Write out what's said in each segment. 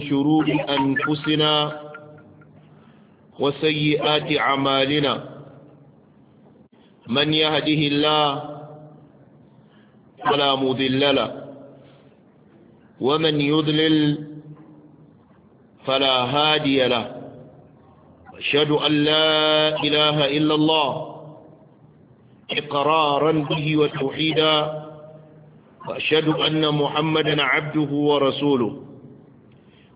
شرور أنفسنا وسيئات أعمالنا من يهده الله فلا مضل له ومن يضلل فلا هادي له أشهد أن لا إله إلا الله إقرارا به وتوحيدا وأشهد أن محمدا عبده ورسوله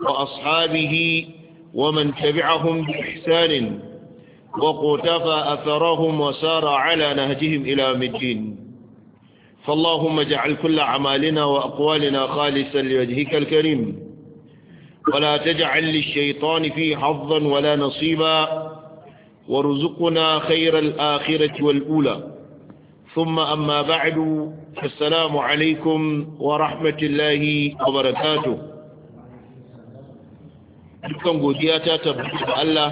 وأصحابه ومن تبعهم بإحسان وقتفى أثرهم وسار على نهجهم إلى مدين فاللهم اجعل كل عمالنا وأقوالنا خالصا لوجهك الكريم ولا تجعل للشيطان فيه حظا ولا نصيبا وارزقنا خير الآخرة والأولى ثم أما بعد السلام عليكم ورحمة الله وبركاته dukkan godiya ta tabbata da Allah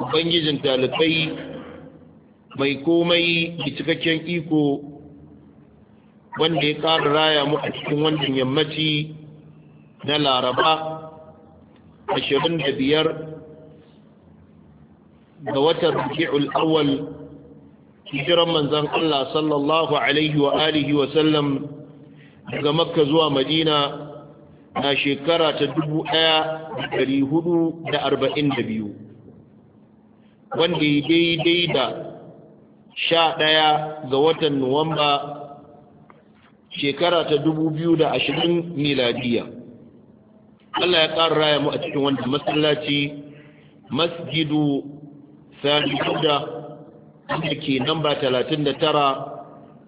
ubangijin talibai mai komai da cikakken iko wanda ya ƙara raya mu a cikin wannan yammaci na laraba 25 ga watan rabi'ul Awal. hijiran manzon Allah sallallahu alaihi wa alihi wa sallam daga makka zuwa madina na shekara ta biyu, wanda ya daidai da sha ɗaya ga watan nuwamba shekara ta ashirin miladiya Allah ya ƙara raya mu a cikin wanda masallaci masjidu sami kuda wanda ke da tara,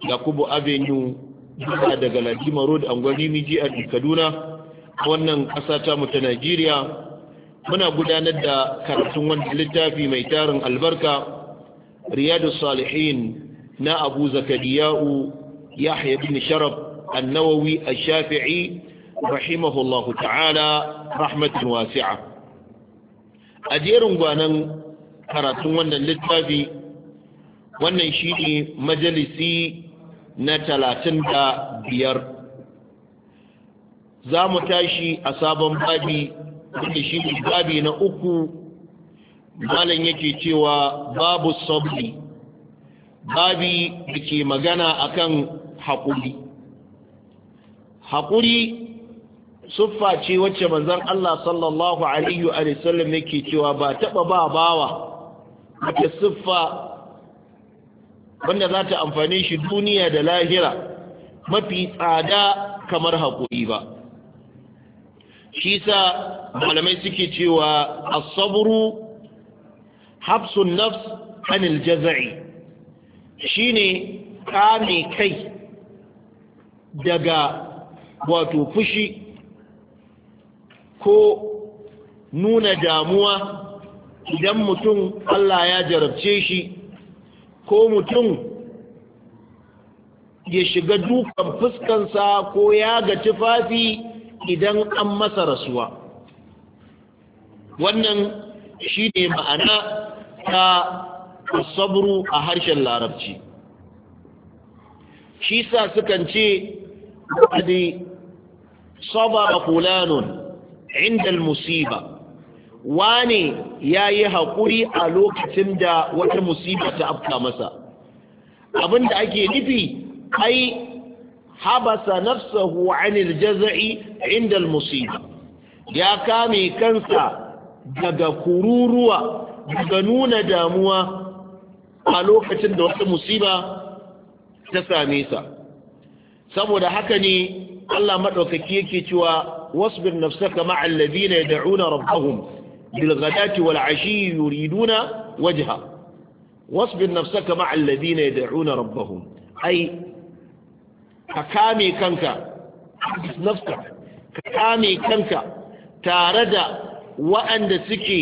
yakubu avenue duka daga lajima road angwani miji a kaduna wannan ƙasa ta mu ta Najeriya muna gudanar da karatun wani littafi mai tarin albarka Riyadu Salihin na Abu Zakariya'u Yahya bin Sharaf An-Nawawi Ash-Shafi'i rahimahullahu ta'ala rahmatin wasi'a a jerin gwanan karatun wannan littafi wannan shi ne majalisi na talatin da biyar za mu tashi a sabon babi wanda shi ne babi na uku malam yake cewa babu sabri babi da ke magana akan haƙuri haƙuri suffa ce wacce manzon Allah sallallahu alaihi wa sallam yake cewa ba taba ba bawa wacce siffa wanda za ta amfane shi duniya da lahira mafi tsada kamar haƙuri ba shi sa malamai suke cewa as-sabru habsun nafs anil jaza'i shine kame kai daga wato fushi ko nuna damuwa idan mutum Allah ya jarabce shi ko mutum ya shiga dukan fuskansa ko ya ga tufafi idan an masa rasuwa wannan shi ne ma'ana ta sabru a harshen larabci shi sa sukan ce saba a kulanun inda musiba wane ya yi haƙuri a lokacin da wata musiba ta afka masa abinda ake nufi ai habasa nafsahu anil jaza'i inda al-musiba ya kame kansa daga kururuwa daga nuna damuwa a lokacin da wata musiba ta same sa saboda haka ne Allah madaukaki yake cewa wasbir nafsaka ma'a alladhina yad'una rabbahum bil ghadati wal 'ashi yuriduna wajha wasbir nafsaka ma alladhina yad'una rabbahum ay ka kame kanka nafsa ka kame kanka tare da waɗanda suke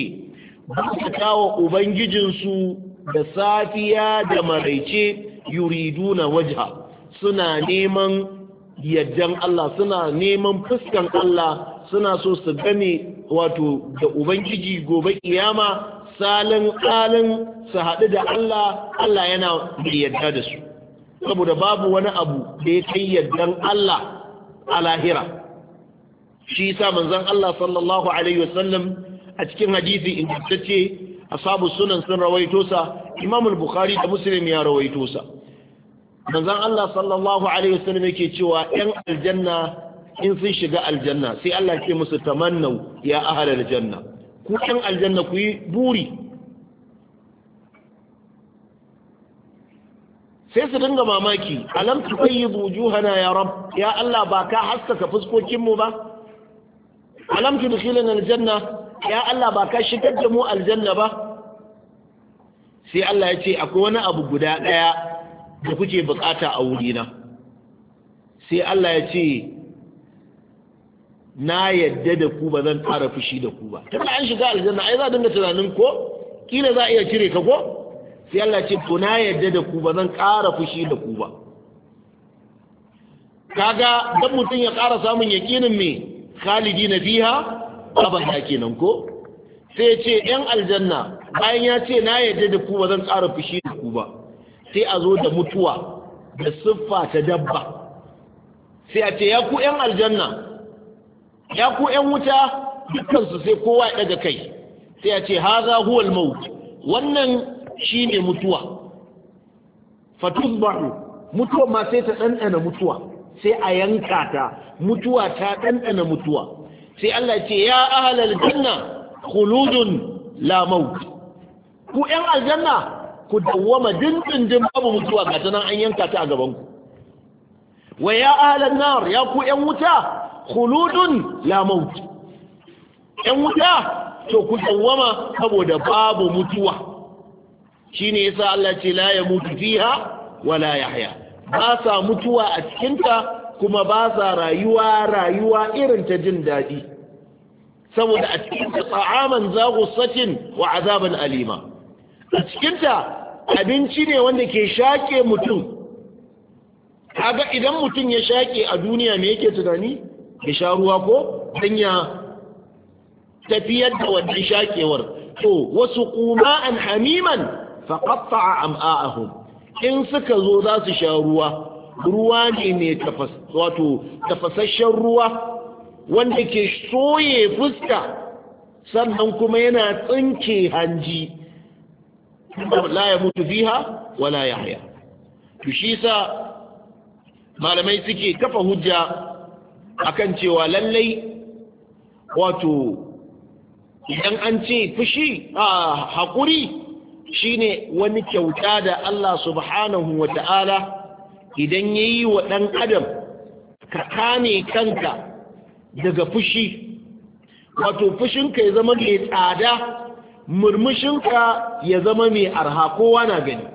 bauta wa ubangijinsu da safiya da maraice yuriduna wajha suna neman yaddan Allah suna neman fuskan Allah suna so su gane wato da ubangiji gobe kiyama salin alin su haɗu da Allah Allah yana yadda da su saboda babu wani abu da ya kai yaddan Allah a lahira shi yasa Allah sallallahu alaihi wasallam a cikin hadisi ingantacce ashabu sunan sun rawaito sa Imam al-Bukhari da Muslim ya rawaito sa Manzan Allah sallallahu alaihi wasallam yake cewa 'yan aljanna in sun shiga aljanna sai Allah ce musu tamannau ya ahlal janna ku ɗan aljanna ku yi buri sai su dinga mamaki alam tuqayyibu wujuhana ya rab ya Allah ba ka haskaka fuskokin mu ba alam tudkhilana aljanna ya Allah ba ka shigar da mu aljanna ba sai Allah ya ce akwai wani abu guda daya da kuke bukata a wurina sai Allah ya ce na yadda da ku ba zan ƙara fushi da ku ba tunda an shiga aljanna ai za dinga tunanin ko kila za a iya cire ka ko sai Allah ce to na yarda da ku ba zan ƙara fushi da ku ba kaga dan mutum ya ƙara samun yaƙinin me khalidi na fiha abada kenan ko sai ce yan aljanna bayan ya ce na yarda da ku ba zan ƙara fushi da ku ba sai a zo da mutuwa da siffa ta dabba sai a ce ya ku yan aljanna ya ku yan wuta dukkansu sai kowa ya daga kai sai a ce haza huwal maut wannan shine mutuwa fatuzbahu mutuwa ma sai ta ɗanɗana mutuwa sai a yanka ta mutuwa ta ɗanɗana mutuwa sai Allah ce ya ahlal janna khuludun la ku ƴan aljanna ku dawwama dindindin babu mutuwa ga ta an yanka ta a gabanku. ku wa ya ahlan nar ya ku ƴan wuta khuludun la maut ƴan wuta to ku dawwama saboda babu mutuwa shine yasa Allah ce la yamutu fiha wala yahya ba sa mutuwa a cikinta kuma ba sa rayuwa rayuwa irin ta jin daɗi saboda a cikinta tsa'aman zagussatin wa azaban alima a cikinta abinci ne wanda ke shaƙe mutum kaga idan mutum ya shaƙe a duniya me yake tunani ya sha ruwa ko dan ya tafiyar da wannan shaƙewar to wasu kuma an hamiman a am'a'ahum in suka zo za su sha ruwa ruwa ne mai tafasasshen ruwa wanda ke soye fuska sannan kuma yana tsinke hanji la ya mutu fiha wala haya. to shi sa malamai suke kafa hujja akan cewa lallai wato idan an ce fushi a haƙuri shine wani kyauta da Allah subhanahu wa ta'ala idan ya yi wa ɗan adam ka kame kanka daga fushi wato fushinka ya zama mai tsada murmushinka ya zama mai arha kowa na gani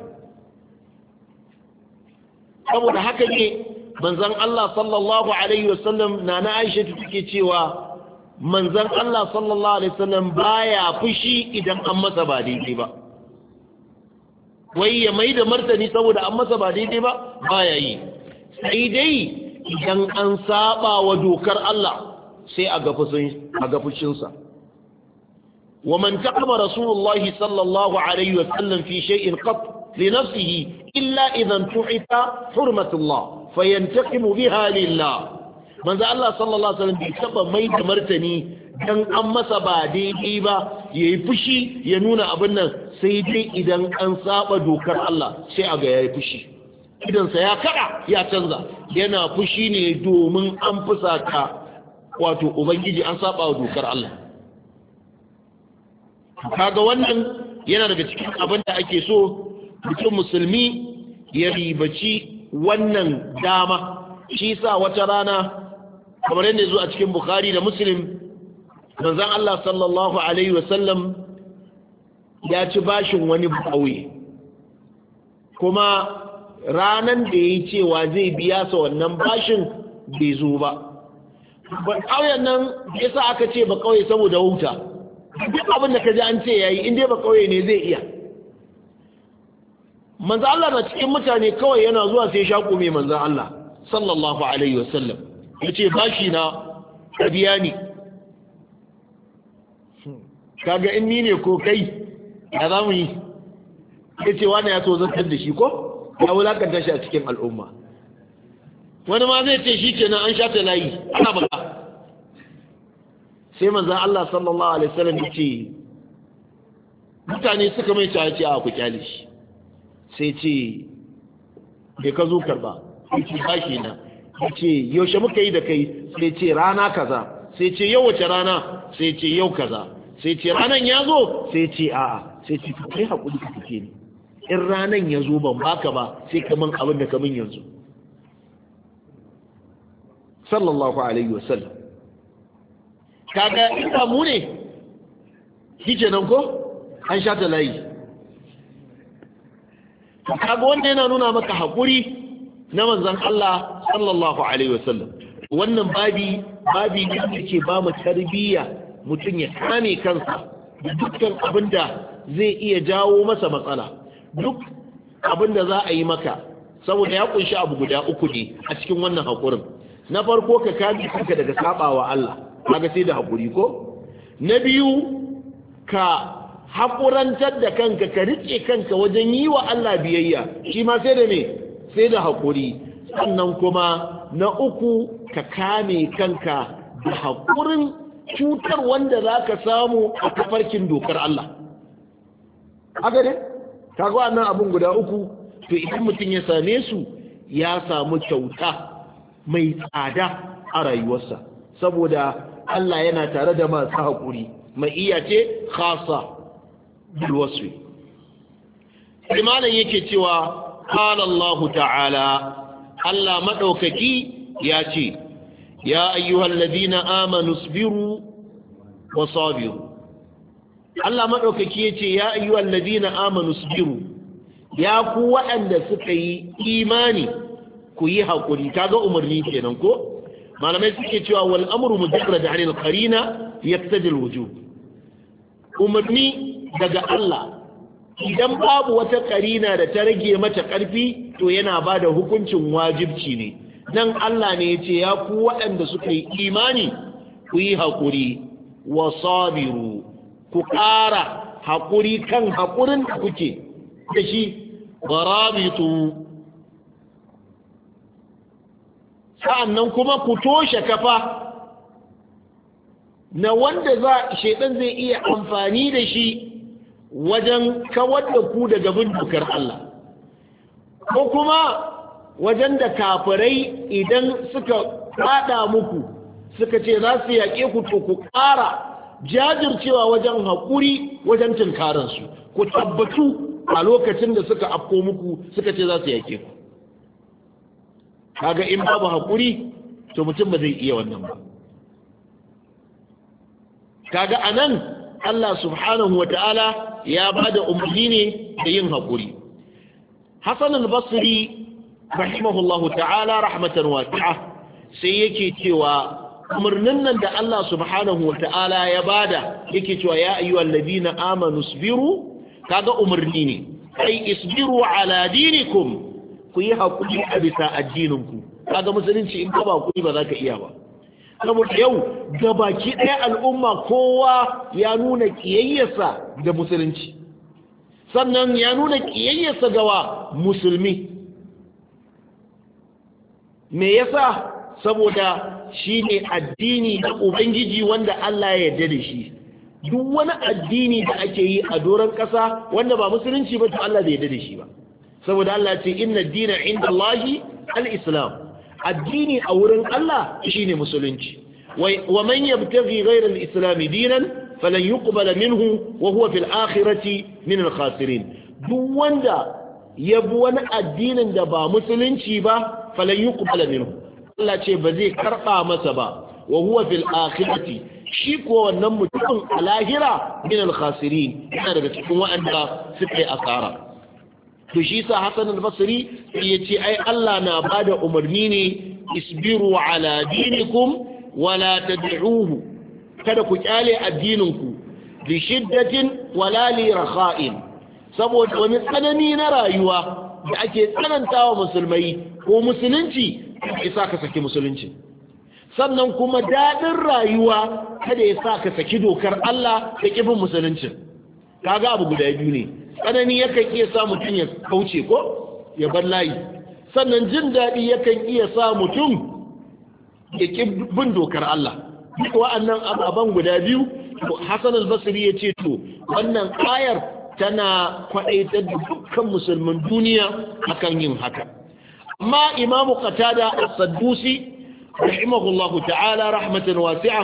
saboda haka ne manzan Allah sallallahu Alaihi wasallam na na aisha take cewa manzan Allah sallallahu Alaihi wasallam baya fushi idan an masa ba daidai ba wai ya mai da martani saboda an masa ba daidai ba ba ya yi sai dai idan an saba wa dokar Allah sai a gafushinsa wa man takama rasulullahi sallallahu alaihi wa sallam fi shay'in qat li nafsihi illa idan tu'ita hurmatullah fa yantakimu biha lillah manzo Allah sallallahu alaihi wa sallam bai taba mai da martani Idan an masa ba daidai ba ya yi fushi ya nuna abin nan sai dai idan an saba dokar Allah sai a ga ya yi fushi idansa ya kada ya canza yana fushi ne domin an fusata wato ubangiji an saba wa dokar Allah kaga wannan yana daga cikin abin da ake so mutum musulmi ya ribaci wannan dama shi sa wata rana kamar yadda a cikin bukhari da muslim manzan Allah sallallahu alaihi wasallam ya ci bashin wani ƙauye kuma ranan da ya cewa zai biya sa wannan bashin bai zo ba ba ƙauyen nan ya sa aka ce ba ƙauye saboda wuta duk abin da ka ji an ce yayi in dai ba ƙauye ne zai iya manzan Allah na cikin mutane kawai yana zuwa sai shaƙo mai manzan Allah sallallahu alaihi wasallam ce bashi na biya ne kaga in ni ne ko kai ya za mu yi ya ce wani ya so zartar da shi ko ya wulakanta shi a cikin al'umma wani ma zai ce shi nan an shata layi ana baka sai manzan Allah sallallahu alaihi wasallam ya ce mutane suka mai cewa a ku kyale shi sai ce bai ka zo karba ce ba shi na ya ce yaushe muka yi da kai sai ce rana kaza sai ce yau wace rana sai ce yau kaza sai ce ranan ya zo sai ce a'a sai ce kai haƙuri ka fice ni in ranan ya zo ban baka ba sai ka min abin da ka min yanzu sallallahu alaihi wasallam kaga ba mu ne kike nan ko an sha ta layi kaga wanda yana nuna maka haƙuri na manzon Allah sallallahu alaihi wasallam wannan babi babi ne da ke ba mu tarbiyya mutum ya kame kansa da dukkan abin da zai iya jawo masa matsala duk abin da za a yi maka saboda ya kunshi abu guda uku ne a cikin wannan haƙurin na farko ka kame kanka daga sabawa Allah kaga sai da haƙuri ko na biyu ka haƙurantar da kanka ka riƙe kanka wajen yi wa Allah biyayya shi ma sai da me sai da haƙuri sannan kuma na uku ka kame kanka da haƙurin cutar wanda za ka samu a tafarkin dokar Allah haka ne kaga wannan abin guda uku to idan mutum ya same su ya samu kyauta mai tsada a rayuwarsa saboda Allah yana tare da masu haƙuri mai iya ce khasa bilwasu imanin yake cewa qala ta'ala Allah maɗaukaki ya ce يا أيها الذين آمنوا اصبروا وصابروا Allah maɗaukaki ya ce ya ayyu allazina amanu subiru ya ku waɗanda suka yi imani ku yi haƙuri kaga umarni kenan ko malamai suke cewa wal amru mujarrad anil qarina yaqtadi al wujub umarni daga Allah idan babu wata qarina da ta rage mata ƙarfi to yana bada hukuncin wajibci ne nan Allah ne ya ce ya ku waɗanda suka yi imani ku yi haƙuri wa sabiru ku ƙara haƙuri kan haƙurin da kuke da shi barabitu sa'annan kuma ku toshe kafa na wanda za shaidan zai iya amfani da shi wajen kawar da ku daga bin dokar Allah ko kuma wajen da kafirai idan suka fada muku suka ce za su yaƙe ku to ku ƙara jajircewa wajen haƙuri wajen tunkararsu ku tabbatu a lokacin da suka afko muku suka ce za su yaƙe ku kaga in babu haƙuri to mutum ba zai iya wannan ba kaga anan Allah subhanahu wa ta'ala ya ba da umarni ne da yin haƙuri Hassan al-Basri rahimahullahu ta'ala rahmatan wasi'a sai yake cewa umarnin nan da Allah subhanahu wa ta'ala ya bada yake cewa ya ayyuhal ladina amanu sabiru kaga umarni ne ai isbiru ala dinikum ku yi hakuri a bisa addininku kaga musulunci in ka ba hakuri ba za ka iya ba saboda yau baki ɗaya al'umma kowa ya nuna kiyayyarsa da musulunci sannan ya nuna kiyayyarsa gawa musulmi me yasa saboda shi ne addini na ubangiji wanda Allah ya yarda da shi duk wani addini da ake yi a doron ƙasa wanda ba musulunci ba to Allah bai yarda da shi ba saboda Allah ce inna dina inda Allahi al-islam addini a wurin Allah shine musulunci wa man yabtaghi ghayra al-islam dinan falan yuqbala minhu wa huwa fil akhirati min al-khasirin duk wanda ya bi wani addinin da ba musulunci ba falan yuqbala minhu Allah ce ba zai karɓa masa ba wa huwa fil akhirati shi ko wannan mutumin a lahira min al khasirin yana daga cikin waɗanda suka yi asara to shi sa Hassan al-Basri ya ce ai Allah na bada umarni ne isbiru ala dinikum wala tad'uhu kada ku kyale addinin ku bi shiddatin wala li rakha'in saboda wani tsanani na rayuwa da ake tsananta wa musulmai ko musulunci isa ka saki musulunci sannan kuma daɗin rayuwa kada ya sa ka saki dokar Allah da kifin musulunci kaga abu guda biyu ne tsanani yakan iya sa mutum ya kauce ko ya bar layi sannan jin daɗi yakan iya sa mutum ya bin dokar Allah duk wa'annan ababen guda biyu Hassan al-Basri ya ce to wannan ayar tana kwadaitar da dukkan musulman duniya akan yin haka amma imamu qatada as-saddusi rahimahullahu ta'ala rahmatan wasi'a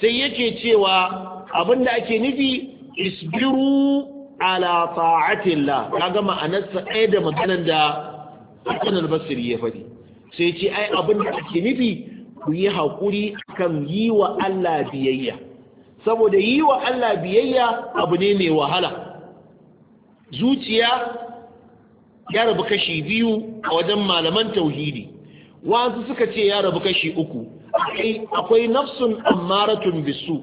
sai yake cewa abinda ake nufi isbiru ala ta'atillah kaga ma'anarsa ɗaya da maganar da Hassan al-Basri ya fadi sai ce ai abinda ake nufi ku yi haƙuri kan yi wa Allah biyayya saboda yi wa Allah biyayya abu ne mai wahala zuciya ya rabu kashi biyu a wajen malaman tauhidi wasu suka ce ya rabu kashi uku akwai nafsun ammaratun bisu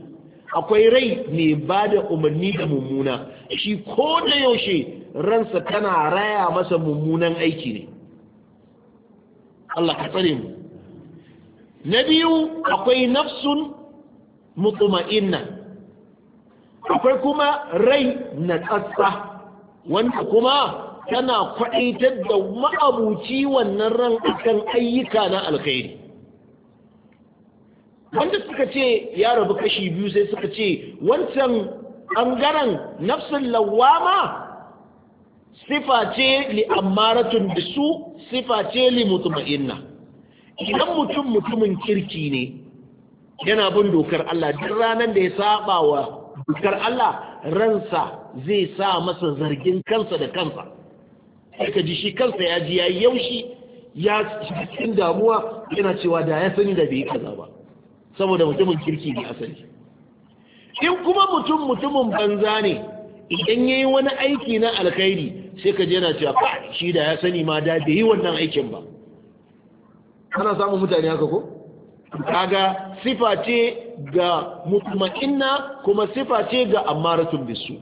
akwai rai ne ba da umarni da mummuna shi ko da yaushe ransa tana raya masa mummunan aiki ne Allah ka tsare mu na biyu akwai nafsun mutuma'inna akwai kuma rai na tsatsa wanda kuma tana kwaɗaitar da ma'abuci wannan ran akan ayyuka na alkhairi wanda suka ce ya rabu kashi biyu sai suka ce wancan ɓangaren nafsin lawama sifa ce li ammaratun bisu sifa ce li mutuma'inna idan mutum mutumin kirki ne yana bin dokar Allah duk ranar da ya saba wa dokar Allah ransa zai sa masa zargin kansa da kansa aka ji shi kansa ya ji ya yi yaushi ya cikin damuwa yana cewa da ya sani da bai kaza ba saboda mutumin kirki ne asali in kuma mutum mutumin banza ne idan yayi wani aiki na alkhairi sai ka je yana cewa shi da ya sani ma da bai yi wannan aikin ba Kana samun mutane haka ko kaga sifa ce ga mutma'inna kuma sifa ce ga amaratun bisu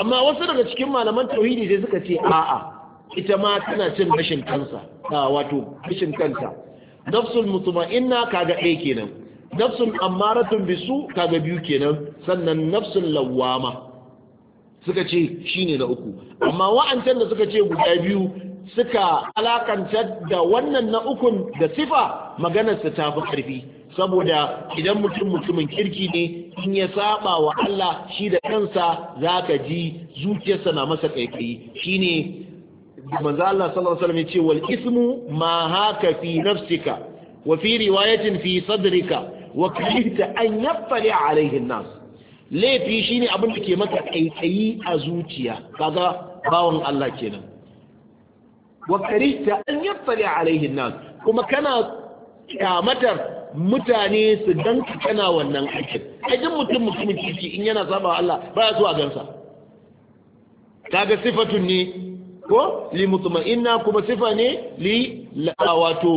amma wasu daga cikin malaman tauhidi sai suka ce a'a ita ma tana cin rashin kansa ta wato rashin kanta nafsul mutma'inna kaga ɗaya kenan nafsul amaratun bisu kaga biyu kenan sannan nafsul lawama suka ce shine na uku amma wa'ancan da suka ce guda biyu suka alakanta da wannan na ukun da sifa maganarsa ta fi ƙarfi saboda idan mutum mutumin kirki ne in ya saba wa Allah shi da kansa za ka ji zuciyarsa na masa ƙaiƙayi shine manzo Allah sallallahu alaihi wasallam ya ce wal ismu ma haka fi nafsika wa fi riwayatin fi sadrika wa karihta an yaffali alaihi nas laifi shine abin da ke maka ƙaiƙayi a zuciya kaga bawan Allah kenan wa karihta an yattali alaihin nan kuma kana kyamatar mutane su ganka kana wannan aikin aikin mutum mutumin ciki in yana saba Allah baya zuwa gansa kaga sifatun ne ko li mutma'inna kuma sifa ne li wato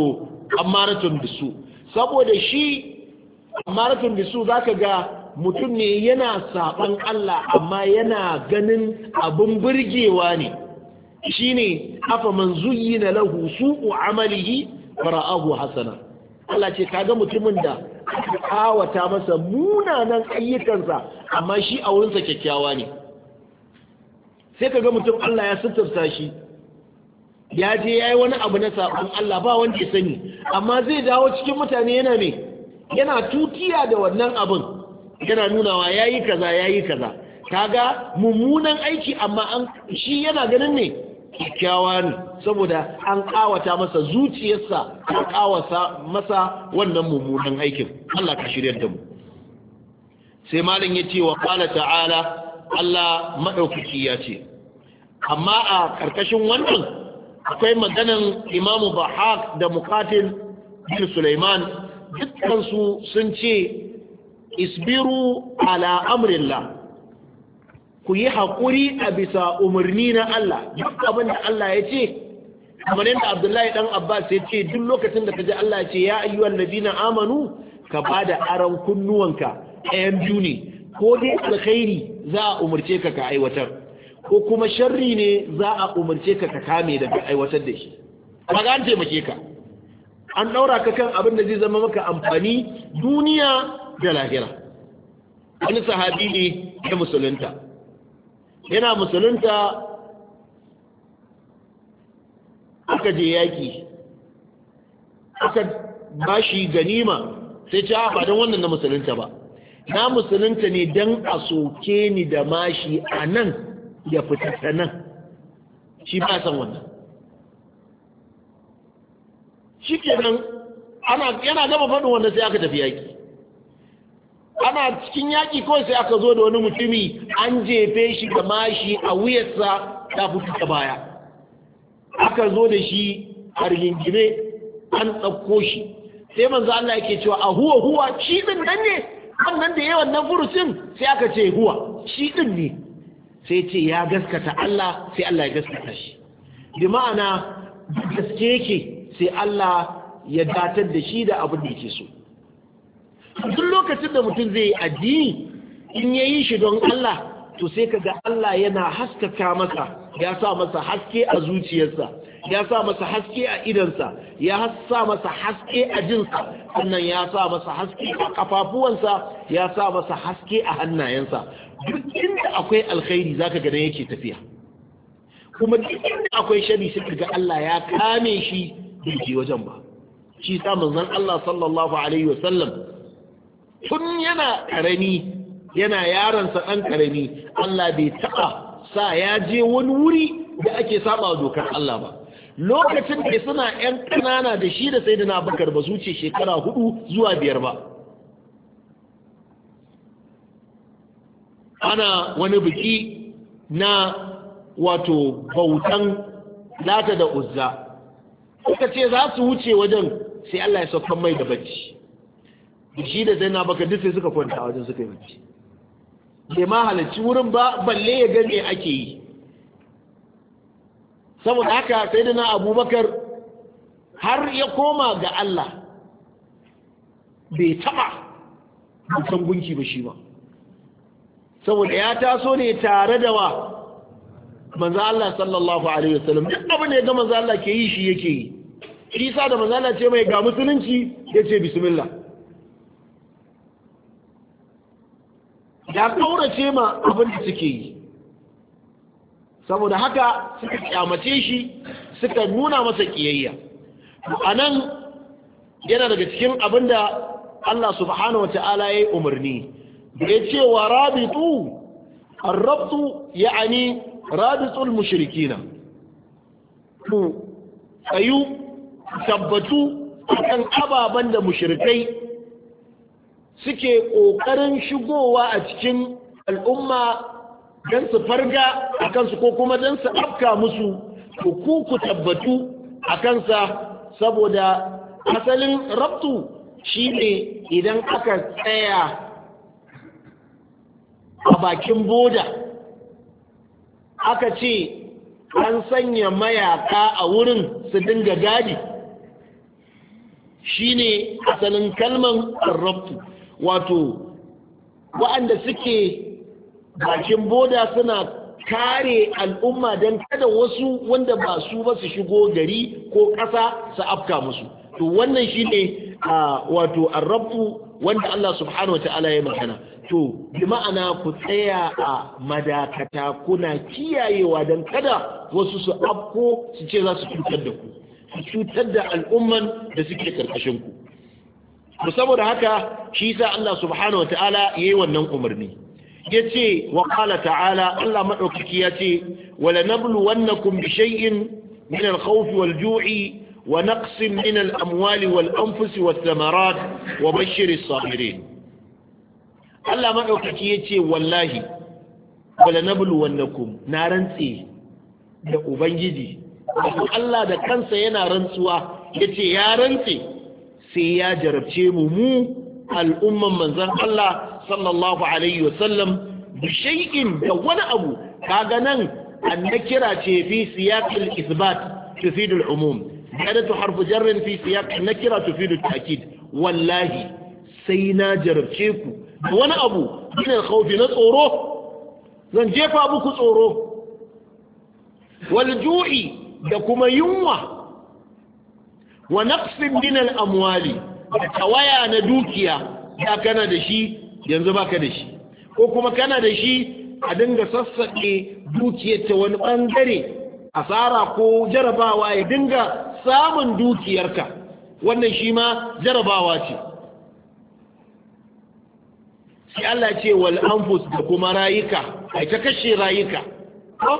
amaratun bisu saboda shi amaratun bisu zaka ga mutum ne yana saban Allah amma yana ganin abun burgewa ne Shi ne afa man na lahu su'u amalihi fara'ahu hasana Allah ce kaga mutumin da kawata masa munanan ayyukansa amma shi a wurinsa kyakkyawa ne sai ka ga mutum Allah ya suturta shi ya je yayi wani abu na sabon Allah ba wanda ya sani amma zai dawo cikin mutane yana ne yana tutiya da wannan abin yana nunawa yayi kaza yayi kaza kaga mummunan aiki amma an shi yana ganin ne kyakkyawa ne saboda an kawata masa zuciyarsa an kawata masa wannan mummunan aikin Allah ka shirya da mu sai malin ya ce wa kwana ta'ala Allah maɗaukaki ya ce amma a ƙarƙashin wannan akwai maganan Imamu Baha da mukatin bin Sulaiman dukkan sun ce isbiru ala amrillah ku yi haƙuri a bisa umarni na Allah duk abin da Allah ya ce kamar yadda Abdullahi dan Abbas ya ce duk lokacin da ka ji Allah ya ce ya ayyuhan ladina amanu ka ba da aran kunnuwanka ɗayan biyu ne ko dai alkhairi za a umarce ka ka aiwatar ko kuma sharri ne za a umarce ka ka kame daga aiwatar da shi an taimake ka an ɗaura ka kan abin da zai zama maka amfani duniya da lahira wani sahabi ne ya musulunta yana musulunta aka je yaƙi aka ba shi ganima sai ce ah, ba don wannan na musulunta ba na musulunta ne don a soke ni da mashi a nan ya fita ta nan shi ba san wannan shi nan yana gama faɗin wanda sai aka tafi yaƙi ana cikin yaƙi ko sai aka zo da wani mutumi an jefe shi ga mashi a wuyarsa ta fito ta baya aka zo da shi a rigingine an ɗauko shi sai manzo Allah yake cewa a huwa huwa shi din nan ne wannan da yawan nan furusin sai aka ce huwa shi din ne sai ce ya gaskata Allah sai Allah ya gaskata shi bi ma'ana gaske yake sai Allah ya datar da shi da abin da yake so duk lokacin da mutum zai yi addini in ya yi shi don Allah to sai ka ga Allah yana haskaka masa ya sa masa haske a zuciyarsa ya sa masa haske a idansa ya sa masa haske a jinsa sannan ya sa masa haske a kafafuwansa ya sa masa haske a hannayensa duk inda akwai alkhairi zaka ga nan yake tafiya kuma duk inda akwai shari sai ga Allah ya kame shi bai wajen ba shi sa manzon Allah sallallahu alaihi wasallam tun yana karami yana yaransa ɗan karami Allah bai taɓa sa ya je wani wuri da ake saba dokar Allah ba lokacin da suna 'yan ƙanana da shi da sai da bakar ba su ce shekara hudu zuwa biyar ba ana wani biki na wato bautan lata da uzza suka ce za su wuce wajen sai Allah ya saukan mai da bacci da shi da zaina baka duk sai suka kwanta a wajen suka yi bacci bai ma halarci wurin ba balle ya ga me ake yi saboda haka sai da na abubakar har ya koma ga Allah bai taɓa bukan gunki ba shi ba saboda ya taso ne tare da wa manzo Allah sallallahu alaihi wasallam duk abin da ya ga manzo Allah ke yi shi yake yi Isa da manzo Allah ce mai ga musulunci yace bismillah ya kaurace ma abin da suke yi saboda haka suka kyamace shi suka nuna masa kiyayya a nan yana daga cikin abin da Allah subhanahu wata'ala ya yi umarni da ya ce wa rabitu arrabtu ya'ani rabitul mushrikina ku tsayu, tabbatu kan ababen da mushrikai suke ƙoƙarin shigowa a cikin al'umma don su farga a kansu ko kuma don su afka musu hukuku tabbatu a kansa saboda asalin rabtu shi ne idan aka tsaya a bakin boda aka ce an sanya mayaka a wurin su dinga gadi ne asalin kalman rabtu wato wa'anda suke bakin boda suna kare al'umma don kada wasu wanda ba su ba su shigo gari ko ƙasa su afka musu to wannan shi ne wato arrabu wanda Allah subhanahu wa ta'ala ya magana to bi ma'ana ku tsaya a madakata kuna kiyayewa don kada wasu su afko su ce za su cutar da ku su cutar da al'umman da suke ƙarƙashin ku to saboda haka shi sa Allah subhanahu wataala yayi wannan umarni yace wa qala ta'ala Allah madaukaki yace wala nabluwannakum bi shay'in min al-khawf wal-ju'i wa naqsin min al-amwali wal-anfusi wath-thamarat wa bashshir as-sabirin Allah madaukaki yace wallahi wala nabluwannakum na rantsi da ubangiji Allah da kansa yana rantsuwa yace ya rantsi sai ya jarabce mu mu al'umman manzon Allah sallallahu alaihi wasallam bi shay'in da wani abu kaga nan an nakira ce fi siyaqil isbat tufid al umum kada harf jar fi siyaq nakira tufid al ta'kid wallahi sai na jarabce ku da wani abu ina khawfi na tsoro zan jefa muku tsoro wal ju'i da kuma yunwa wa naqsin min al-amwali waya na dukiya ya kana da shi yanzu baka da shi ko kuma kana da shi a dinga sassaƙe dukiyar ta wani bangare asara ko jarabawa ya dinga samun dukiyarka wannan shi ma jarabawa ce sai Allah ce wal anfus da kuma rayuka ai ta kashe rayuka ko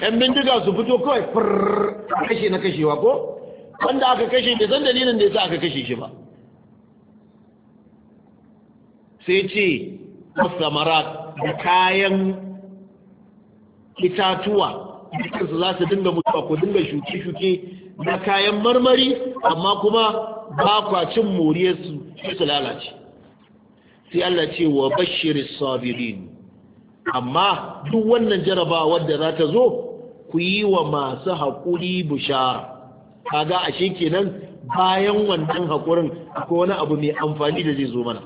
ɗan bindiga su fito kawai fur kashe na kashewa ko wanda aka kashe bai san dalilin da yasa aka kashe shi ba sai ce masamarat da kayan itatuwa dukansu za su dinga mutuwa ko dinga shuke-shuke na kayan marmari amma kuma ba kwa cin moriyarsu su lalace sai Allah ce wa bashir sabirin amma duk wannan jarabawa da za ta zo ku yi wa masu haƙuri bishara kaga ashe kenan bayan wannan haƙurin ko wani abu mai amfani da zai zo mana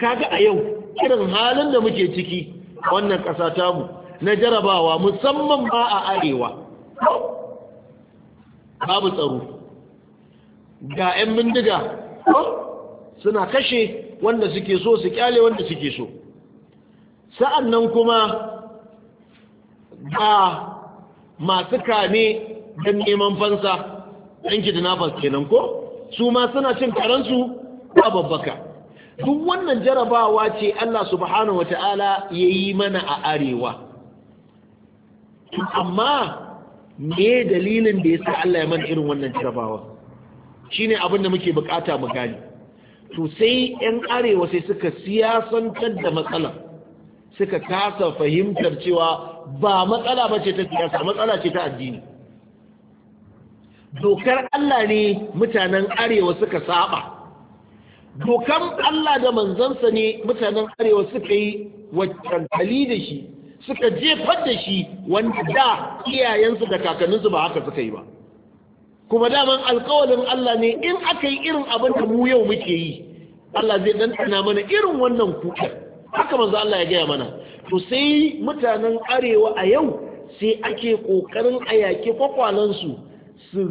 kaga a yau irin halin da muke ciki wannan ƙasa tamu na jarabawa musamman ba a arewa babu tsaro ga 'yan bindiga suna kashe wanda suke so su kyale wanda suke so Sa'annan kuma ga masu kame don neman fansa da kidnappers kenan ko su ma suna cin karansu ba babbaka duk wannan jarabawa ce Allah subhanahu wa ta'ala ya yi mana a arewa amma me dalilin da ya sa Allah ya mana irin wannan jarabawa shine abin da muke bukata mu gani to sai 'yan arewa sai suka siyasantar da matsala suka kasa fahimtar cewa ba matsala ba ce ta siyasa matsala ce ta addini dokar Allah ne mutanen arewa suka saba Dokar Allah da manzansa ne mutanen arewa suka yi wacantali da shi suka jefar da shi wanda da iyayensu da kakanninsu ba haka suka yi ba kuma daman alkawalin Allah ne in aka yi irin abin da mu yau muke yi Allah zai ɗanɗana mana irin wannan kuka haka manzo Allah ya gaya mana to sai mutanen arewa a yau sai ake ƙoƙarin a yaƙi kwakwalansu su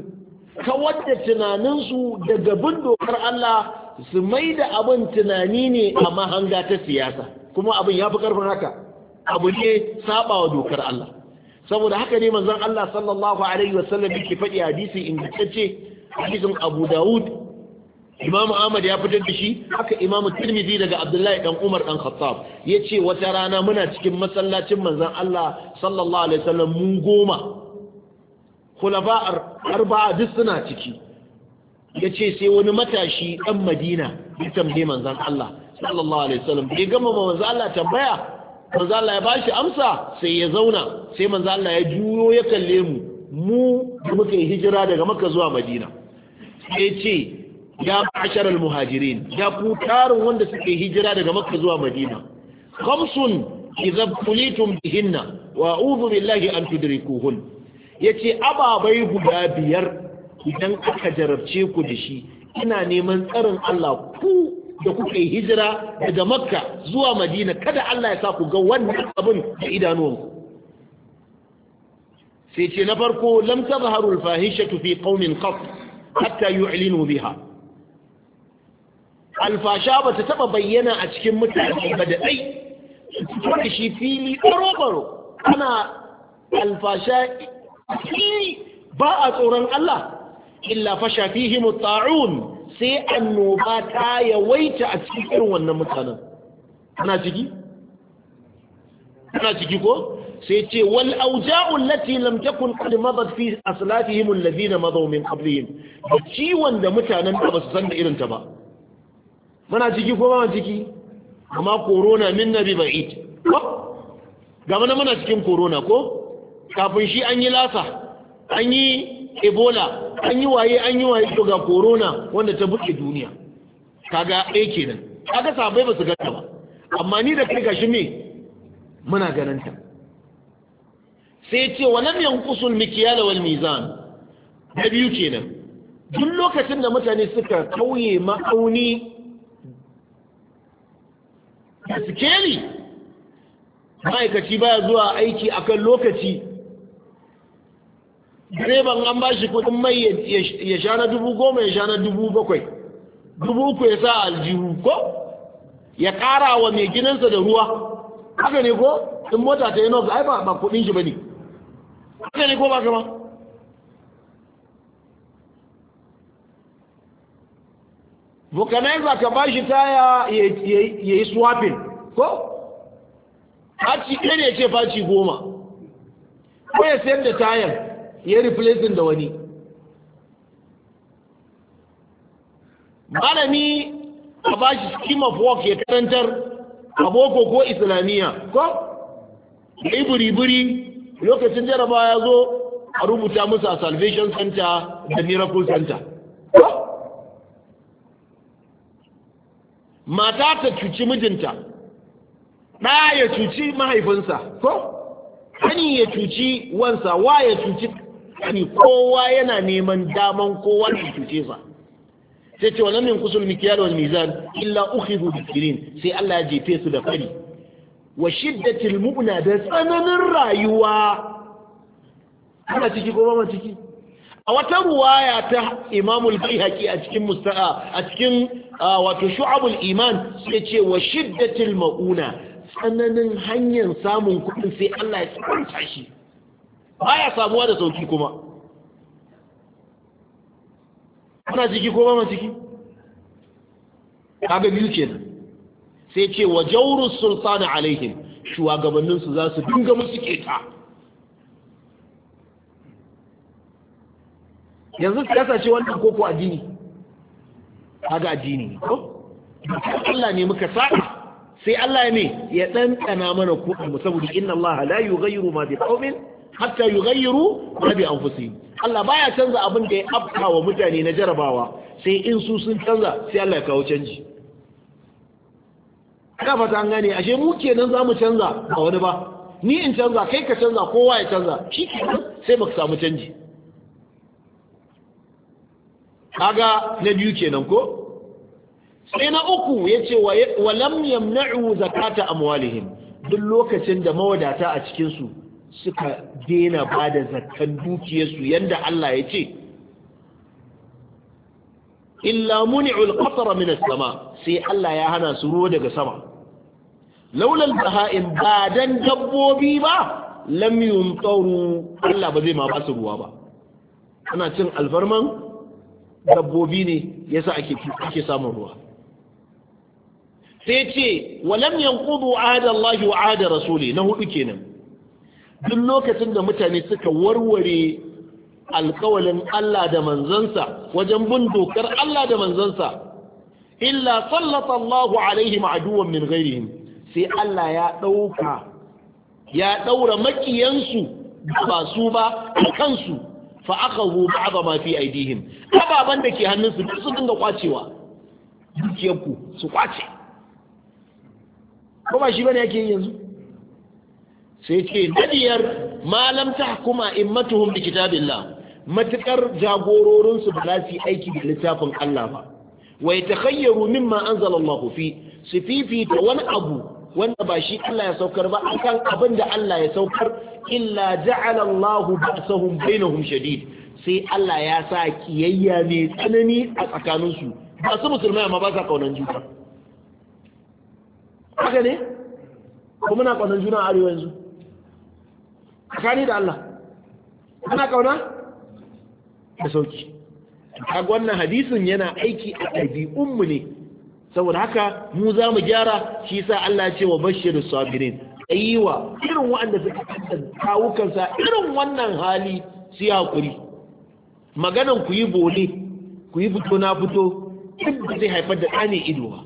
kawar da tunaninsu daga bin dokar Allah su mai da abin tunani ne a mahanga ta siyasa kuma abin ya fi ƙarfin haka abu ne saba wa dokar Allah saboda haka ne manzon Allah sallallahu alaihi wasallam yake faɗi hadisi ingantacce hadisin Abu Dawud Imam Ahmad ya fitar da shi haka Imam Tirmidhi daga Abdullahi dan Umar dan Khattab yace wata rana muna cikin masallacin manzon Allah sallallahu alaihi wasallam mun goma khulafa arba'a duk suna ciki Ya ce sai wani matashi ɗan Madina ya tambaye manzan Allah sallallahu alaihi wasallam bai gama manzon Allah tambaya manzon Allah ya bashi amsa sai ya zauna sai manzon Allah ya juyo ya kalle mu mu da muka yi hijira daga Makka zuwa Madina sai ce ya ma'ashar al-muhajirin ya ku tarin wanda suke hijira daga Makka zuwa Madina khamsun idza fulitum bihinna wa a'udhu billahi an tudrikuhun ya ce ababai guda biyar idan aka jarabce ku da shi ina neman tsarin Allah ku da kuka yi hijira daga makka zuwa madina kada Allah ya sa ku ga wannan abin da idanuwanku sai ce na farko lamta tazharu al-fahishatu fi qaumin qat hatta yu'linu biha alfasha ba ta taba bayyana a cikin mutane ba da dai wanda shi fili baro baro ana alfasha ba a tsoron Allah illa fasha fihi mutta'un sai annoba ta yawaita a cikin irin wannan mutanen ana ciki ana ciki ko sai ce wal auja'u allati lam takun qad madat fi aslatihim alladhina madaw min qablihim ciwon da mutanen da basu san da irin ta ba muna ciki ko ba ciki amma corona min nabi ba'id ko ga mana muna cikin corona ko kafin shi an yi lasa an yi ebola an yi waye an yi waye ga corona wanda ta buɗe duniya kaga ɗaya kenan kaga sabai ba su ganta ba amma ni da kai gashi me muna ganin ta sai ce walam yanqusul mikyal wal mizan da biyu kenan duk lokacin da mutane suka kauye ma'auni da sikeli ma'aikaci baya zuwa aiki akan lokaci direban an ba shi kudin mai ya sha na dubu goma ya sha na dubu bakwai dubu uku ya sa aljihu ko ya kara wa mai gidansa da ruwa haka ne ko in mota ta yi nox ai ba kudin shi ba ne haka ne ko ba kama vulcanizer ka ba shi taya ya yi swapping ko faci ɗaya ne ce faci goma ko ya sayar da tayar ya replacing da wani malami a ba shi scheme of work ya karantar a boko ko islamiyya ko da iburi-buri lokacin jaraba ya zo a rubuta musu a salvation center da miracle center mata ta cuci mijinta ɗaya ya cuci mahaifinsa ko hani ya cuci wansa wa ya cuci yani kowa yana neman daman kowa da cuce sa sai ce wannan min kusul mikyal wal mizan illa ukhidhu bikirin sai Allah ya jefe su da fari wa shiddatil mu'na da tsananin rayuwa ana ciki ko ba ciki a wata ruwaya ta imamul bayhaqi a cikin musta'a a cikin wato shu'abul iman sai ce wa shiddatil mauna tsananin hanyar samun kuɗin sai Allah ya tsanta shi baya samuwa da sauki kuma Kuna ciki ko ba ma ciki kaga biyu kenan sai ce wa jauru sultani alaihim shugabannin su za su dinga musu keta yanzu siyasa ce wannan koko addini kaga addini ko Allah ne muka sa'a sai Allah ne ya ɗanɗana mana kuɗin mu saboda inna Allah la yughayyiru ma bi qaumin hatta yughayyiru ma bi anfusihim Allah baya canza abin da ya afka wa mutane na jarabawa sai in su sun canza sai Allah ya kawo canji aka fata an gane ashe mu kenan za mu canza ba wani ba ni in canza kai ka canza kowa ya canza shi kenan sai baka samu canji kaga na biyu kenan ko sai na uku ya ce wa lam yamna'u zakata amwalihim duk lokacin da mawadata a cikinsu suka dena ba da zakkan dukiyarsu yadda Allah ya ce illa muni'ul qatara min sama sai Allah ya hana su ruwa daga sama laulal baha'in ba dan dabbobi ba lam yumtaru Allah ba zai ma ba su ruwa ba ana cin alfarman dabbobi ne ya sa ake samun ruwa sai ce walam yanqudu ahda Allah wa rasuli na hudu kenan duk lokacin da mutane suka warware alkawalin Allah da manzansa wajen bin dokar Allah da manzansa illa sallata Allahu alaihi ma'aduwan min ghairihim sai Allah ya dauka ya daura makiyansu ba su ba a kansu fa akahu ba'da ma fi aidihim ababan da ke hannun duk sun dinga kwacewa dukiyarku su kwace Kuma ba shi bane yake yanzu sai ce dadiyar malam in immatuhum bi kitabillah matukar jagororin su ba za su aiki da littafin Allah ba wa yatakhayyaru mimma anzala Allah fi su fifita wani abu wanda ba shi Allah ya saukar ba akan abin da Allah ya saukar illa ja'ala Allah ba'sahum bainahum shadid sai Allah ya sa kiyayya ne tsanani a tsakaninsu ba su musulmai amma ba sa kaunan juna haka ne kuma na kaunan juna a arewa yanzu tsakani da Allah ana kauna da sauki kaga wannan hadisin yana aiki a ɗabi'unmu ne saboda haka mu za mu gyara shi sa Allah ce wa bashirin sabirin ayiwa irin waɗanda suka kasance kawukansa irin wannan hali su yi hakuri maganan ku yi bole ku yi fito na fito duk zai haifar da ɗani ido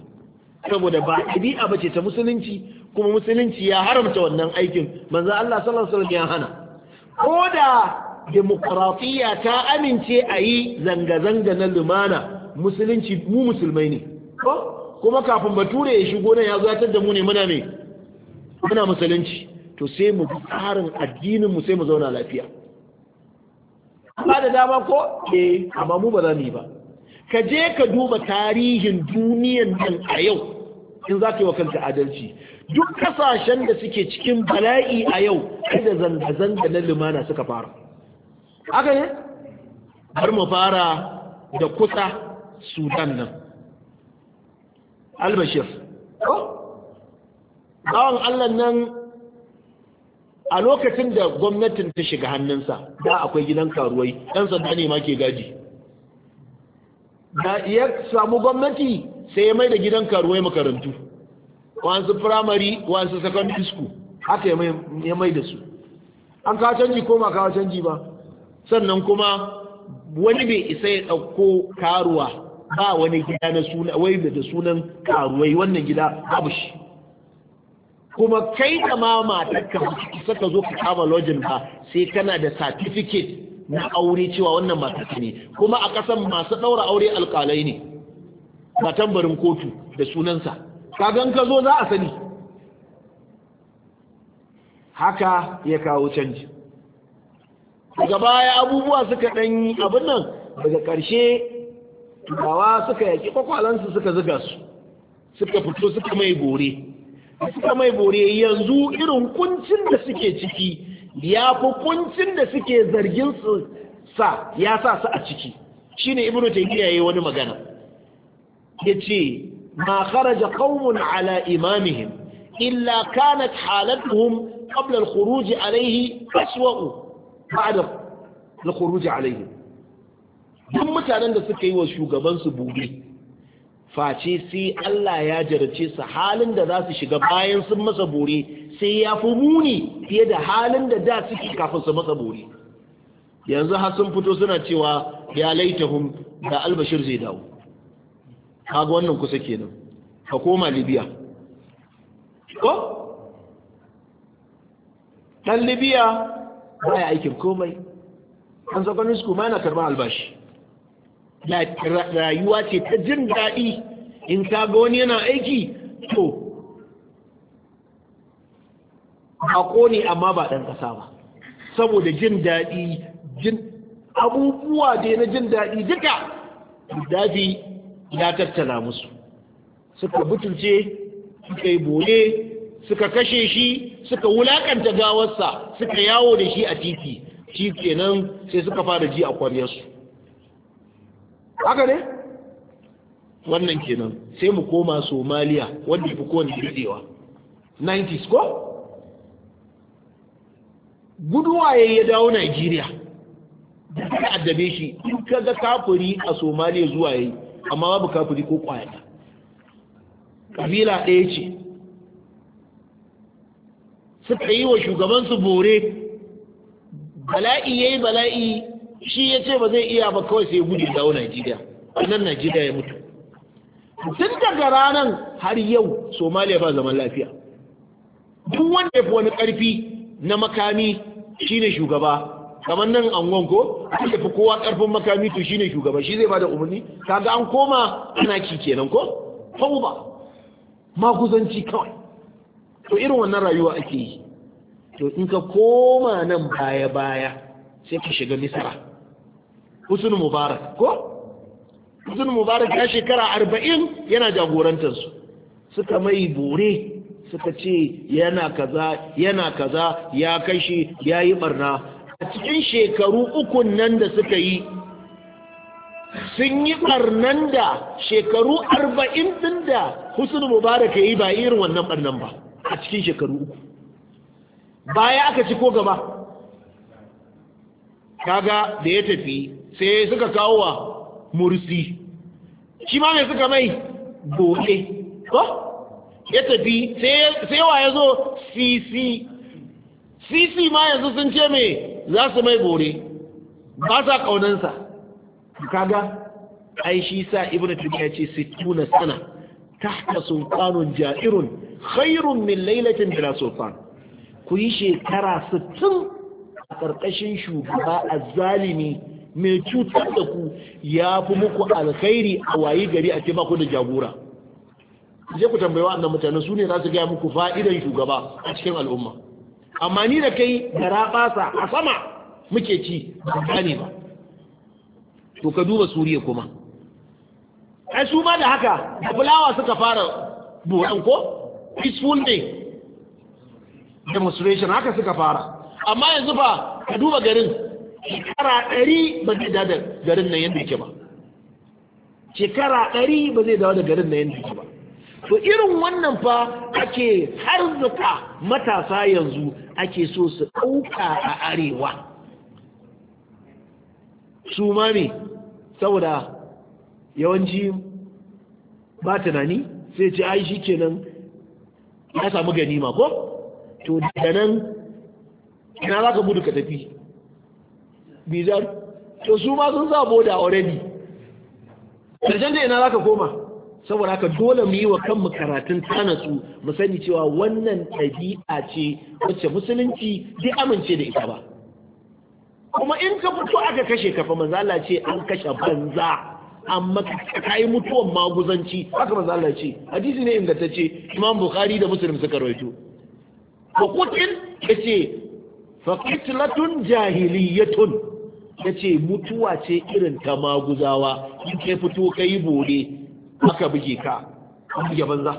saboda ba ɗabi'a ba ce ta musulunci kuma musulunci ya haramta wannan aikin manzo Allah sallallahu alaihi wasallam ya hana ko da demokratiya ta amince a yi zanga-zanga na lumana musulunci mu musulmai ne Ko kuma kafin bature ya shigo nan ya zatar da mu ne muna me muna musulunci to sai mu bi tsarin addinin mu sai mu zauna lafiya ba da dama ko eh amma mu ba za mu yi ba ka je ka duba tarihin duniyan nan a yau in za ka yi wa kanka adalci duk kasashen da suke cikin bala'i a yau kai da zanga-zanga na lumana suka fara haka ne har mu fara da kusa sudan nan albashir oh! bawan allah nan a lokacin da gwamnatin ta shiga hannunsa da akwai gidan karuwai ɗan sanda ne ma ke gaji da iya samu gwamnati sai ya mai da gidan karuwai makarantu wasu firamari wasu secondary school haka ya mai da su an kawo canji ko ma kawo canji ba sannan kuma wani bai isa ya ɗauko karuwa ba wani gida na suna wai da sunan karuwai wannan gida abu shi kuma kai da ma matarka isa ka zo ka kama lojin ba sai kana da certificate na aure cewa wannan matarka ne kuma a ƙasan masu ɗaura aure alkalai ne ba tambarin kotu da sunansa kagan ka zo za a sani haka ya kawo canji daga baya abubuwa suka ɗanyi abin nan daga ƙarshe turawa suka yaƙi kwakwalansu suka zuga su suka fito suka mai bore suka mai bore yanzu irin kuncin da suke ciki ya fi kuncin da suke zargin su sa ya sa su a ciki shine ibnu taymiya yayi wani magana yace ma kharaja qaumun ala imamihim illa kanat halatuhum qabla al-khuruj alayhi aswa'u ba'da al-khuruj alayhi duk mutanen da suka yi wa shugaban su buɗe face sai Allah ya jarace su halin da za su shiga bayan sun masa bore sai ya fi muni fiye da halin da da suke kafin su masa bore yanzu har sun fito suna cewa ya laitahum da albashir zai dawo kaga wannan kusa kenan ka koma libya ko dan libya baya aikin komai an zagonin su ma yana karɓar albashi rayuwa ce ta jin daɗi in ka ga wani yana aiki to bako ne amma ba ɗan ƙasa ba saboda jin daɗi jin abubuwa da na jin daɗi duka dafi ya tattala musu suka butulce suka yi bole suka kashe shi suka wulakanta gawarsa suka yawo da shi a titi shi kenan sai suka fara ji a kwaryarsu haka ne wannan kenan sai mu koma somaliya wanda fi kowane daɗewa 90s ko guduwa ya dawo nigeria da addabe shi in ga kafuri a somaliya zuwa yayi amma babu kafiri ko kwaya kabila ɗaya ce suka yi wa shugabansu bore bala'i ya yi bala'i shi ya ce ba zai iya ba kawai sai gudu dawo najeriya nan najeriya ya mutu tun daga ranar har yau somaliya ba zaman lafiya duk wanda ya fi wani ƙarfi na makami shine shugaba kamar nan angon ko ake fi kowa karfin makami to shine shugaba shi zai bada umarni kaga an koma ana ki kenan ko fawo ba kuzanci kawai to irin wannan rayuwa ake yi to in ka koma nan baya baya sai ka shiga misra husn mubarak ko husn mubarak ya shekara arba'in yana jagorantar su suka mai bore suka ce yana kaza yana kaza ya kashi ya yi barna a cikin shekaru ukun nan da suka yi sun yi ɓarnan da shekaru arba'in ɗin da husnu mubarak ya yi ba irin wannan ɓarnan ba a cikin shekaru uku baya aka ci ko gaba kaga da ya tafi sai suka kawo wa mursi shi ma mai suka mai bole ko ya tafi sai wa ya zo sisi, sisi ma yanzu sun ce mai za su mai gore ba sa kaunansa kaga ai shi sa ibnu ya ce tuna sana tahta sultanun ja'irun khairun min lailatin bila sultan ku yi shekara sittin a karkashin shugaba azzalimi mai cutar da ku ya fi muku alkhairi a wayi gari a ce ku da jagora je ku tambayi annan mutane su ne za su gaya muku fa'idan shugaba a cikin al'umma amma ni da kai da rabasa a sama muke ci ba gane ba to ka duba suriya kuma ai su ma da haka da fulawa suka fara buran ko peaceful day demonstration haka suka fara amma yanzu ba ka duba garin shekara ɗari ba zai dawo da garin nan yadda yake ba shekara ɗari ba zai dawo da garin nan yadda yake ba to irin wannan fa ake harzuka matasa yanzu ake so su ɗauka a arewa su ma ne saboda yawanci ba tunani sai ce ai shi kenan ya samu ma ko to da nan ina za ka gudu ka tafi bizar to su ma sun sa boda already ƙarshen da ina za ka koma saboda haka dole mu yi wa kanmu karatun tanatsu mu sani cewa wannan ɗabi'a ce wacce musulunci bai amince da ita ba kuma in ka fito aka kashe ka fa manzo Allah ce an kashe banza amma ka yi mutuwan maguzanci haka manzo Allah ce hadisi ne ingantacce Imam Bukhari da Muslim suka rawaito ko kutin yace fa qitlatun jahiliyatun yace mutuwa ce irin ta maguzawa in kai fito kai bode aka buge ka buge banza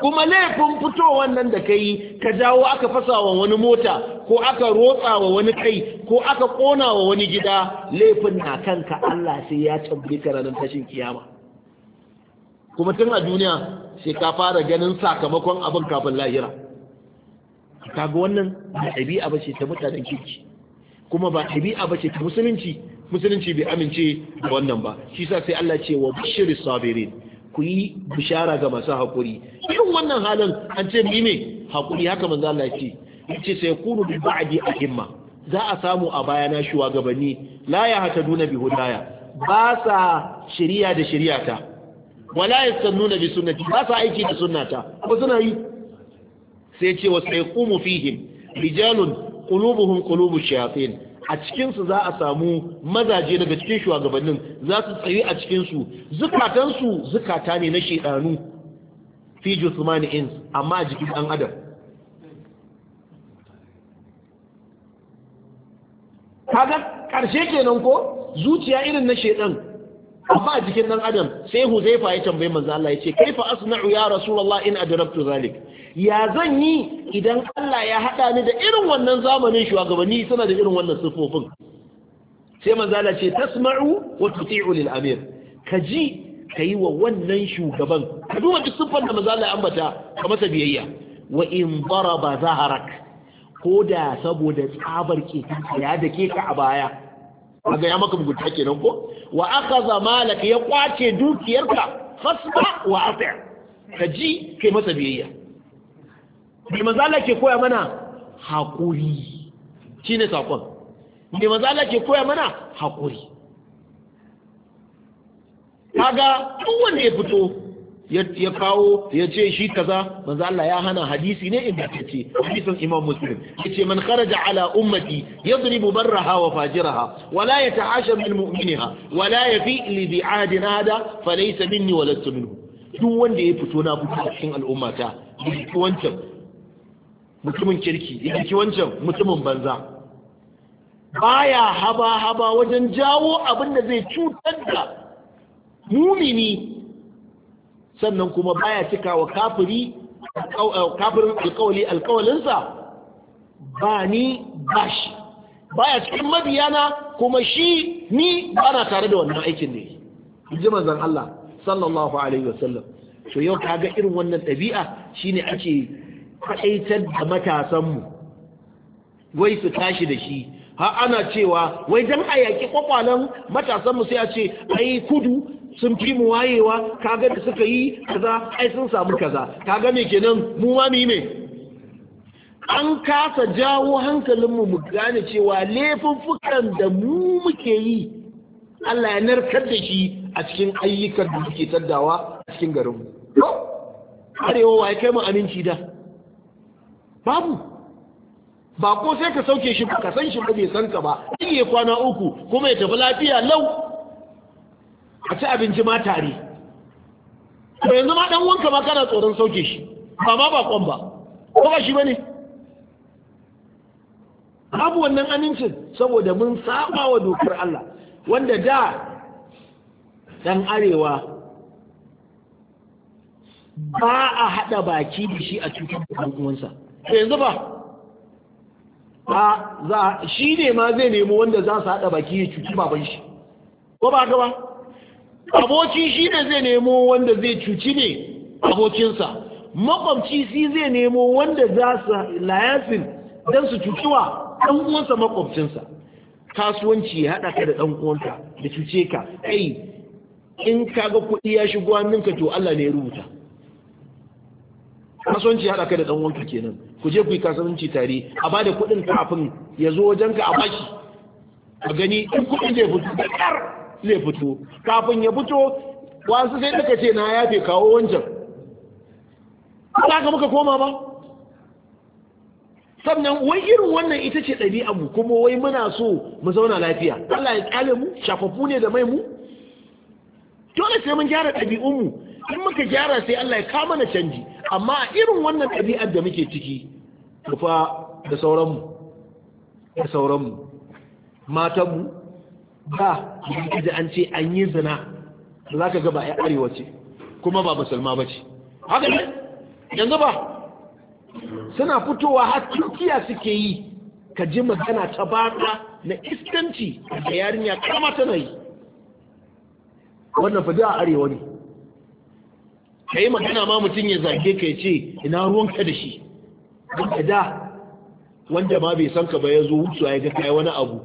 kuma laifin fitowar nan da ka yi ka jawo aka fasa wa wani mota ko aka rotsa wa wani kai ko aka ƙona wa wani gida laifin na kanka Allah sai ya tambaye ka ranar tashin kiyama kuma tun a duniya sai ka fara ganin sakamakon abin kafin lahira kaga wannan ba ɗabi'a ba ce ta mutanen kirki kuma ba ɗabi'a ba ce ta musulunci musulunci bai amince da wannan ba shi sa sai Allah ce wa bishiri sabirin ku yi bishara ga masu haƙuri irin wannan halin an ce ni ne haƙuri haka manzo Allah ya ce yace sai kunu bi ba'di himma. za a samu a na shugabanni la ya hataduna bi hudaya ba sa shiriya da ta. wala yastannuna bi sunnati ba sa aiki da sunnata ko suna yi sai ce wa sayqumu fihim rijalun qulubuhum qulubu shayatin a cikinsu za a samu mazaje daga cikin shugabannin za su tsaye a cikinsu zukatansu zukata ne na shaidanu fi jusmani ins amma a jikin ɗan adam kaga ƙarshe kenan ko zuciya irin na shaidan amma a jikin ɗan adam sai huzaifa ya tambayi manzo Allah ya ce kaifa asna'u ya rasulullah in adraktu zalik ya zan yi idan Allah ya haɗa ni da irin wannan zamanin shugabanni suna da irin wannan siffofin sai manzala ce tasma'u wa tuti'u lil amir ka ji ka yi wa wannan shugaban ka duba duk siffar da manzala ya ambata ka masa biyayya wa in daraba zaharak ko da saboda tsabar ke ya da ka a baya a gaya ya maka mugunta kenan ko wa akhadha malaka ya kwace dukiyarka fasba wa ka ji kai masa biyayya mai maza Allah ke koya mana haƙuri shi ne saƙon mai maza Allah ke koya mana haƙuri kaga duk wanda ya fito ya kawo ya ce shi kaza maza Allah ya hana hadisi ne inda ta ce hadisin imam muslim ya ce man kharaja ala ummati yadribu raha wa fajiraha wala yata'asha min mu'miniha wala yafi li bi'adin hada falaysa minni wa lastu minhu duk wanda ya fito na fito a cikin al'ummata duk wancan mutumin kirki ya ki wancan mutumin banza baya haba haba wajen jawo abin da zai cutar da mumini sannan kuma baya cika wa kafiri eh, kafirin alkawali alkawalinsa ba ni ba shi baya cikin mabiyana kuma shi ni ba na tare da wannan aikin ne ji manzan Allah sallallahu alaihi wasallam to yau kaga irin wannan ɗabi'a shine ake kwaɗaitar da matasanmu wai su tashi da shi ha ana cewa wai don a yaƙi kwakwalen matasanmu sai a ce ai kudu sun fi mu wayewa kaga da suka yi kaza ai sun samu kaza kaga me kenan mu ma mu me an kasa jawo hankalinmu mu gane cewa fukan da mu muke yi Allah ya narkar da shi a cikin ayyukan da muke taddawa a cikin garinmu arewa wa ya kai mu aminci da babu ba ko sai ka sauke shi ka san shi ba bai san ka ba in kwana uku kuma ya tafi lafiya lau a ci abinci ma tare ba yanzu ma dan wanka ma kana tsoron sauke shi ba ma ba kwan ba ko ba shi bane babu wannan amincin saboda mun saba wa dokar Allah wanda da dan arewa ba a haɗa baki da shi a cikin uwansa to yanzu ba a za shi ne ma zai nemo wanda za su haɗa baki ya cuci baban shi ko ba ka ba abokin shi ne zai nemo wanda zai cuci ne abokinsa makwamci shi zai nemo wanda za su layasin don su cuci wa ɗan uwansa makwamcinsa kasuwanci ya haɗa ka da ɗan uwanka da cuce ka ai in kaga kuɗi ya shigo hannunka to Allah ne ya rubuta kasuwanci ya haɗa ka da ɗan uwanka kenan ku je ku yi kasuwanci tare a ba da kuɗin kafin ya zo wajen ka a bashi a gani in kuɗin zai fito da ƙar zai fito kafin ya fito wasu sai duka ce na yafe kawo wancan ba ka muka koma ba sannan wai irin wannan ita ce ɗabi'a mu kuma wai muna so mu zauna lafiya Allah ya ƙyale mu shafafu ne da mai mu dole sai mun gyara ɗabi'un mu in muka gyara sai Allah ya kama na canji amma irin wannan ɗabi'ar da muke ciki tufa da sauranmu da sauranmu matanmu ba da an ce an yi zina za ka gaba ya arewa ce kuma ba musulma ba ce haka ne yanzu ba suna fitowa har turkiya suke yi ka ji magana ta baka na iskanci da yarinya kama tana yi wannan fa a arewa ne ka yi magana ma mutum ya zage ka ya ce ina ruwanka da shi wanda da wanda ma bai san ka ba ya zo wucewa ya ga kai wani abu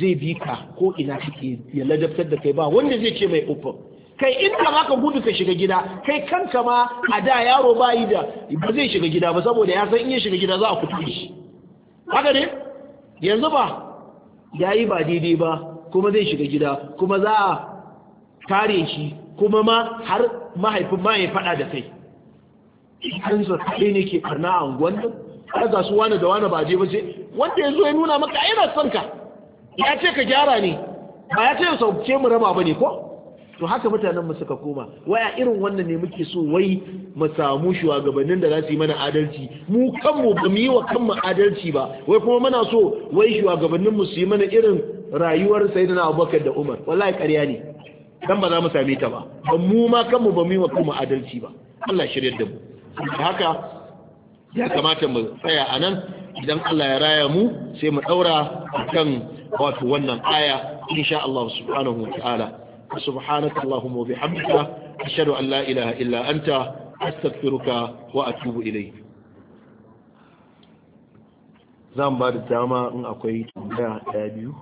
zai bi ka ko ina kake ya ladabtar da kai ba wanda zai ce mai uffa kai inda ma ka gudu ka shiga gida kai kanka ma a da yaro ba yi da ba zai shiga gida ba saboda ya san in ya shiga gida za a kutu shi haka ne yanzu ba ya yi ba daidai ba kuma zai shiga gida kuma za a kare shi kuma ma har mahaifin ma ya fada da kai har zo kai ne ke karna a unguwan nan har ga su wani da wani ba je ba je wanda ya zo ya nuna maka yana son ka ya ce ka gyara ne ba ya ce sau ke mu raba bane ko to haka mutanen mu suka koma waya irin wannan ne muke so wai mu samu shugabannin da za su yi mana adalci mu kanmu ba mu yi wa kanmu adalci ba wai kuma muna so wai shugabannin mu su yi mana irin rayuwar sayyidina Abubakar da Umar wallahi ƙarya ne dan ba za mu same ta ba ban mu ma kanmu ba mu yi wa adalci ba Allah shiryar da mu haka ya kamata mu tsaya a nan idan Allah ya raya mu sai mu daura kan wato wannan aya insha Allah subhanahu wa ta'ala subhanaka allahumma wa bihamdika ashhadu an la ilaha illa anta astaghfiruka wa atubu ilayk zan ba da dama in akwai tambaya ɗaya biyu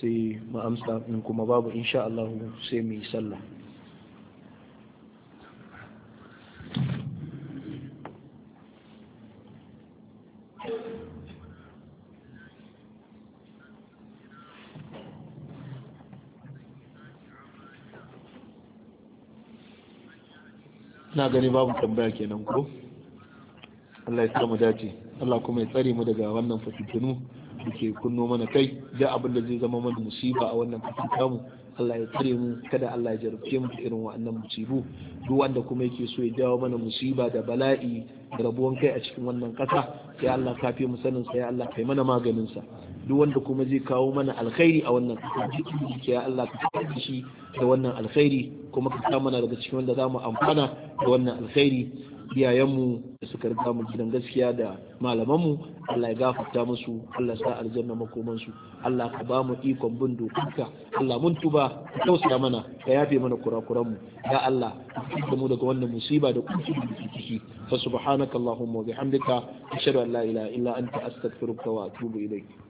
sai mu amsa in kuma babu insha Allah sai mu yi sallah na gani babu tambaya kenan ko Allah ya mu dace Allah kuma ya tsare mu daga wannan fitinu kuke kunno mana kai da abin da zai zama mana musiba a wannan kafin kamu Allah ya tsare mu kada Allah ya jarabce mu irin wa'annan musibu duk wanda kuma yake so ya jawo mana musiba da bala'i da rabuwan kai a cikin wannan kasa ya Allah ka fi mu sanin ya Allah kai mana maganin sa duk wanda kuma zai kawo mana alkhairi a wannan kasa ya Allah ka kawo shi da wannan alkhairi kuma ka sa mana daga cikin wanda zamu amfana da wannan alkhairi iyayenmu da suka riga mu gidan gaskiya da malamanmu Allah ya gafarta musu Allah sa aljanna makomansu Allah ka ba mu ikon bin dokunka Allah mun tuba ka tausaya mana ka yafe mana kurakuranmu ya Allah ka mu daga wannan musiba da kunci da ciki fa subhanaka allahumma wa bihamdika ashhadu an la ilaha illa anta astaghfiruka wa atubu ilayk